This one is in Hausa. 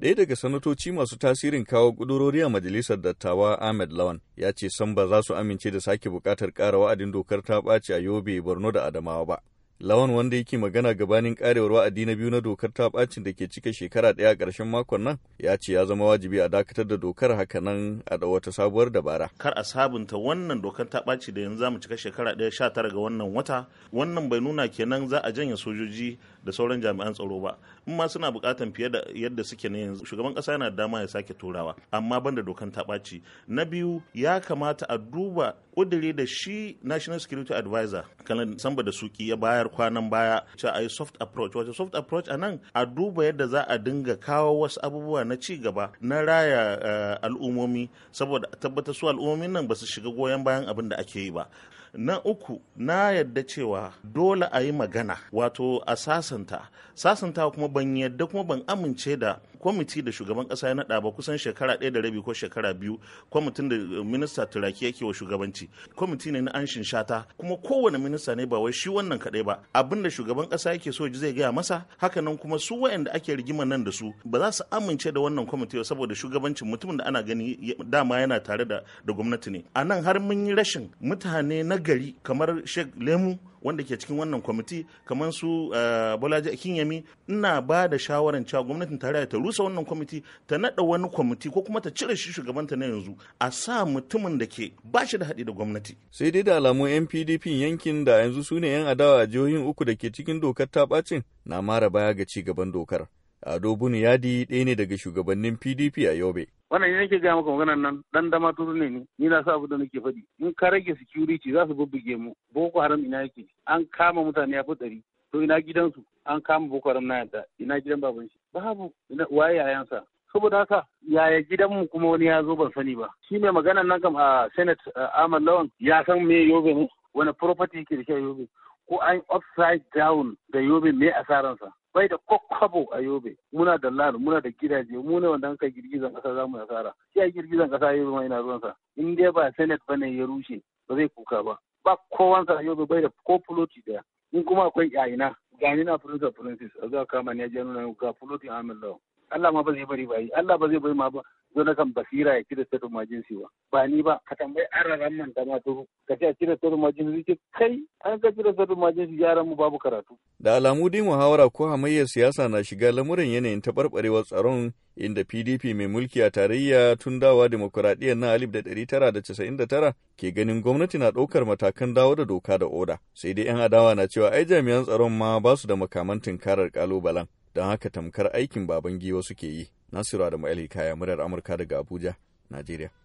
Ɗaya daga sanatoci masu tasirin kawo ƙudurori a majalisar dattawa Ahmed Lawan ya ce san ba za su amince da sake buƙatar ƙara wa'adin dokar ta ɓaci a Yobe, Borno da Adamawa ba. Lawan wanda yake magana gabanin karewar wa'adi na biyu na dokar ta bacin da ke cika shekara ɗaya a ƙarshen makon nan ya ce ya zama wajibi a dakatar da dokar hakanan a da wata sabuwar dabara. Kar a sabunta wannan dokar ta ɓaci da yanzu za mu cika shekara ɗaya sha tara ga wannan wata wannan bai nuna kenan za a janye sojoji da sauran jami'an tsaro ba in ma suna buƙatan fiye da yadda suke na yanzu shugaban ƙasa yana dama ya sake turawa amma banda dokar dokan ta ɓaci na biyu ya kamata a duba kudiri da shi national security advisor kalan samba da suki ya bayar kwanan baya ce a yi soft approach wato soft approach a nan a duba yadda za a dinga kawo wasu abubuwa na ci gaba na raya eh, al'ummomi saboda tabbatar su al'ummomin nan ba su shiga goyon bayan abin da ake yi ba na uku na yadda cewa dole a yi magana wato a sasanta sasanta kuma ban yadda kuma ban amince da kwamiti da shugaban kasa ya naɗa ba kusan shekara ɗaya da rabi ko shekara biyu kwamitin da minista turaki yake wa shugabanci kwamiti ne na anshin shata kuma kowane minista ne ba wai shi wannan kaɗai ba abin da shugaban kasa yake so zai gaya masa hakanan kuma su waɗanda ake rigima nan da su ba za su amince da wannan kwamiti ba saboda shugabancin mutumin da ana gani dama yana tare da gwamnati ne a nan har mun yi rashin mutane na gari kamar Sheikh Lemu wanda ke cikin wannan kwamiti kamar su eh, Bolaji akinyami ina ba da shawaran cewa gwamnatin tarayya ta rusa wannan kwamiti ta nada wani kwamiti ko kuma ta cire shi shugabanta na yanzu a sa mutumin da ke ba shi da haɗi da gwamnati. Sai dai da alamun NPDP yankin da yanzu su ne 'yan adawa a jihohin uku da ke cikin dokar ta ɓacin na mara baya ga ci gaban dokar. Ado bunu yadi ɗaya ne daga shugabannin PDP a Yobe. Wannan ne nake gaya maka maganar nan dan dama ne ni ni na sa abu da nake faɗi in ka rage security za su bubbuge mu Boko Haram ina yake an kama mutane ya ɗari to ina gidansu an kama Boko Haram na yadda ina gidan baban shi babu waye yayansa saboda haka yaya gidan mu kuma wani ya zo ban sani ba shi mai maganar nan kam a senate ahmad lawan ya san me yobe ne wani property yake da shi a yobe ko an upside down da yobe me asaransa bai da kwakwabo a yobe muna da lar muna da gidaje mu ne wanda an kai girgizan kasa zamu nasara shi a girgizan kasa yobe ma ina sa in dai ba senate bane ya rushe ba zai kuka ba ba kowansa a yobe bai da ko fuloti daya in kuma akwai yayina gani na prince of princes a zuwa kama ne ya nuna ga fuloti amin law Allah ma ba zai bari ba yi Allah ba zai bari ma ba na kan basira ya kira state emergency ba ba ni ba ka tambayi araran man da maturu ka ce a cire majin ce kai an ka cire state emergency yaran mu babu karatu da alamu dai muhawara ko hamayyar siyasa na shiga lamuran yanayin taɓarɓarewar tsaron inda PDP mai mulki a tarayya tun dawa demokuraɗiyyar na tara ke ganin gwamnati na ɗaukar matakan dawo da doka da oda. Sai dai 'yan adawa na cewa ai jami'an tsaron ma ba su da makaman tunkarar ƙalubalen, don haka tamkar aikin baban giwa suke yi. Nasiru Adamu Ali Kaya muryar Amurka daga Abuja, Najeriya.